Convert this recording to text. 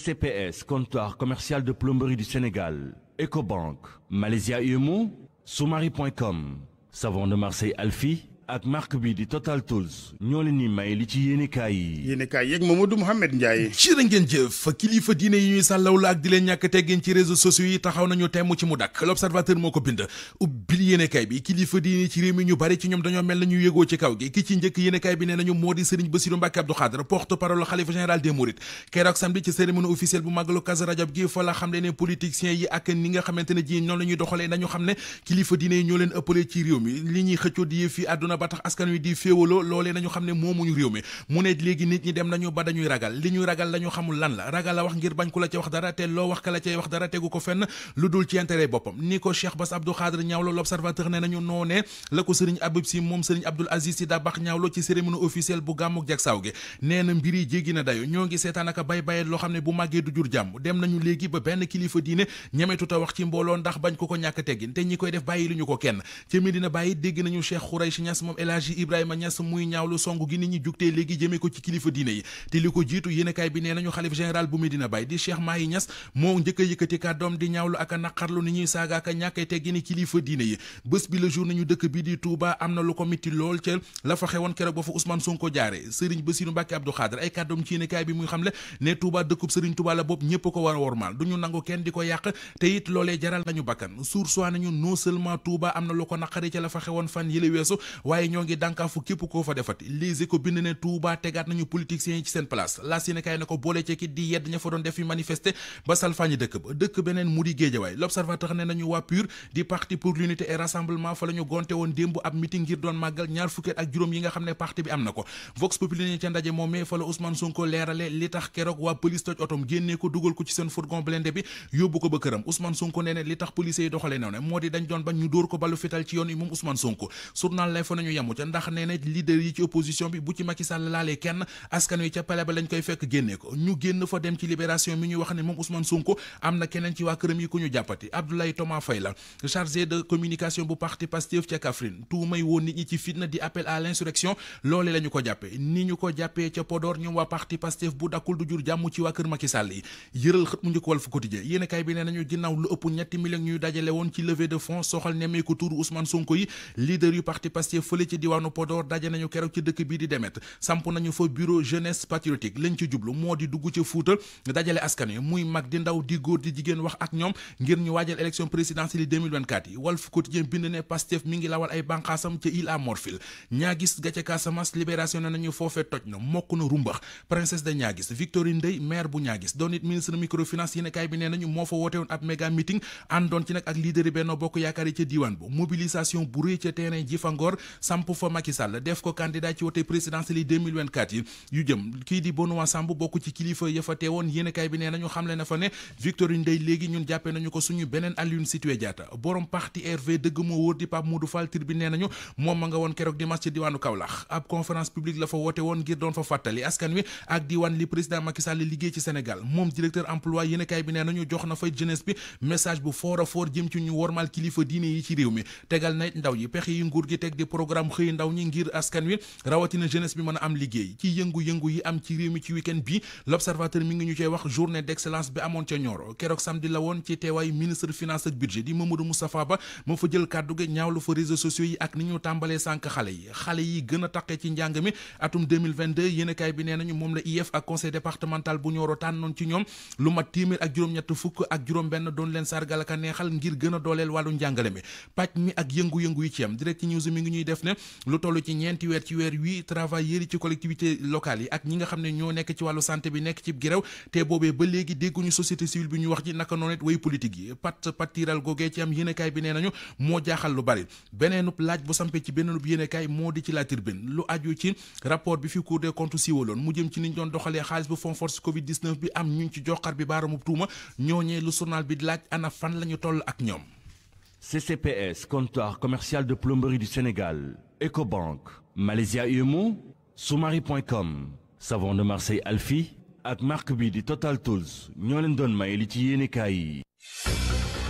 c CPS, comptoir commercial de plomberie du Sénégal, Ecobank, Malaysia UMO, Soumari.com, Savon de Marseille Alfi, ak marque bi di Total Tools ñoo leen ni may li ci yéenekaay yi yéenekaay yeeg Mamadou Mouhamed Ndiaye ci la ngeen jëf kilifa diine yi ñuy sàllaw la ak di leen ñàkk teggin ci réseaux sociaux yi taxaw nañu temm ci mu dakk l'observateur moo ko bind ubbil yéenekaay bi kilifa diine ci réew mi ñu bari ci ñoom dañoo mel na ñu yëgoo ci kaw gi ki ci njëkk yéenekaay bi nee nañu moo di Serigne Bassirou Mbacké Abdou Khadre porte-parole xalifa général des mourides keroog samedi ci cérémonie officielle bu màggalu Kazu Rajab gi fa la xam le ne politiciens yi ak ni nga xamante ne ji ñoom la ñuy doxalee nañu xam ne kilifa diine yi ñoo leen ëppale ci réew mi li ñuy xëccoo di yëf yi àdduna ba tax askan wi di féewaloo loolee nañu xam ne moomuñu réew mi mu ne léegi nit ñi dem nañu ba dañuy ragal li ñuy ragal la ñu xamul lan la ragal a wax ngir bañ ku la ca wax dara te loo wax ka la cay wax dara tegu ko fenn lu dul ci intérêt boppam ni ko Cheikh Bass Abdou Khadre ñaawlo l'observateur ne nañu noonee la ko sëriñ Abib Si moom sëriñ Abdoul Aziz Si Dabax ñaawlo ci cérémonie officielle bu gàmmuk Jagsaaw gi nee na mbir yi jéggi na dayo ñoo ngi seetaan bay bayet loo xam ne bu màggee du jur jàmm dem nañu léegi ba benn kilifa diine ñametuta wax ci mbooloo ndax bañ ko ko ñàkk teggin te ñi koy def bàyyi lu ñu ko kenn ca Medina Baye dégg nañu Cheikh Khouraychi Niass moom El Hadji Ibrahima Niass muy ñaawlu song gi nit ñi jugtee léegi jëmee ko ci kilifa diine yi te li ko jiitu yéenekaay bi nee nañu xalif général bu Medina Baye di Cheikh Mahi Niass moo njëkk a yëkkati kàddoom di ñaawlu ak a naqarlu ni ñuy saaga ak a ñàkkee teggini kilifa diine yi bés bi le jour nañu dëkk bi di Touba am na lu ko mitti lool ca la fa xewoon keroog ba fa Ousmane Sonko jaare Serigne Bassirou Mbacké Abdou Khadre ay kàddoom ci yéenekaay bi muy xamle ne Touba la bopp a wormaal di ko yàq te it loolee jaral nañu bakkan sour soit na lu ko waaye ñoo ngi dànkaafu képp koo fa defati Les Échos bind ne Touba tegaat nañu politiciens yi ci seen place laas yéene kaay ko boole ci kit di yedd ña fa doon def fi manifester ba salfaañi dëkk ba dëkk beneen mu di Géejawaay L'Observateur ne nañu waa PUR di parti pour l'unité et rassemblement fa la gonte woon démb ab meeting ngir doon màggal ñaar fukki ak juróom yi nga xam ne parti bi am na ko Vox Populi ca ndaje moom fa la Ousmane Sonko leerale li tax keroog nañu yemu ca ndax nee leader yi ci opposition bi bu ci Macky laalee kenn askan wi ca pale ba lañ koy fekk génnee ko ñu génn fa dem ci libération mi ñuy wax ne moom Ousmane Sonko am na keneen ci waa kër Macky yi yëral xët mu njëkk Walf Quotidien yéen kay bi nee nañu ginnaaw lu ëpp ñetti millions ñuy dajale woon ci levée de fonds soxal nemmeeku tuuru Ousmane Sonko yi leader yu parti Pastef fële ci diwaanu Podor daje nañu keroog ci dëkk bii di demet samp nañu fa bureau jeunesse patriotique lañ ci jublu moo di dugg ca Fuuta dajale askan wi muy mag di ndaw di góor di jigéen wax ak ñoom ngir ñu waajal élection présidentielle yi 2024 yi Walf Quotidien bind ne Pastef mi ngi lawal ay banqaasam ca Île à Morphil ñaagis ga ca Casamance libération ne nañu foofee toj na mokk na rumbax princesse de ñaagis Victorine Ndeye maire bu ñaagis doon it ministre Yaakaar yi ca diiwaan bu rëy ca terrain samp fa Macky Sall def ko candidat ci wote présidentielle yi 2024 yi yu jëm kii di Benoît Sambou bokk ci kilifa ya fa teewoon bi nee nañu moom ma nga woon keroog dimanche ci diwaanu Kaolack ab conférence publique la fa woote woon ngir doon fa fàttali askan wi ak diwaan li président Macky liggéey ci Sénégal moom directeur emploi yéenekaay bi nee nañu jox na fay jeunesse bi message bu fort a fort jëm ci ñu wormal kilifa diine yi ci réew mi tegal na ndaw yi pexe programme xëy ndaw ñi ngir askan wi rawatina mi ci week-end bi xale yi xale yi gën a ci njàng mi atum 2022 bi nee nañu moom la IEF ak conseil départemental bu Nioro tànnoon ci ñoom lu mat téeméer ak juróom benn doon leen sargal ak a neexal ngir gën a dooleel wàllu njàngale mi pàcc mi ak yëngu-yëngu yi ci am direct news mi ngi ñuy def ne lu toll ci ñeenti weer ci weer wi travailleurs yi ci collectivité locale yi ak ñi nga xam ne ñoo nekk ci wàllu santé bi nekk ci grève te boobee ba léegi dégguñu société civile bi ñu wax ji naka noonu way politique yi pat patiral googee ci am yéenekaay bi nee nañu moo jaaxal lu bari beneenub laaj bu sampe ci beneenub yéenekaay moo di ci la Tribune lu aju ci rapport bi fi Cour des comptes siiwaloon mu jëm ci niñ doon doxalee xaalis bu fond force covid 19 bi am ñu ci joxar bi baaramu tuuma ñooñee lu journal bi laaj ana fan lañu toll ak ñoom CCPS, comptoir commercial de plomberie du Sénégal, Ecobank, Malaysia UMO, com Savon de Marseille Alfi ak marque bi di Total Tools ñoo leen doon may li ci yéenekaay yi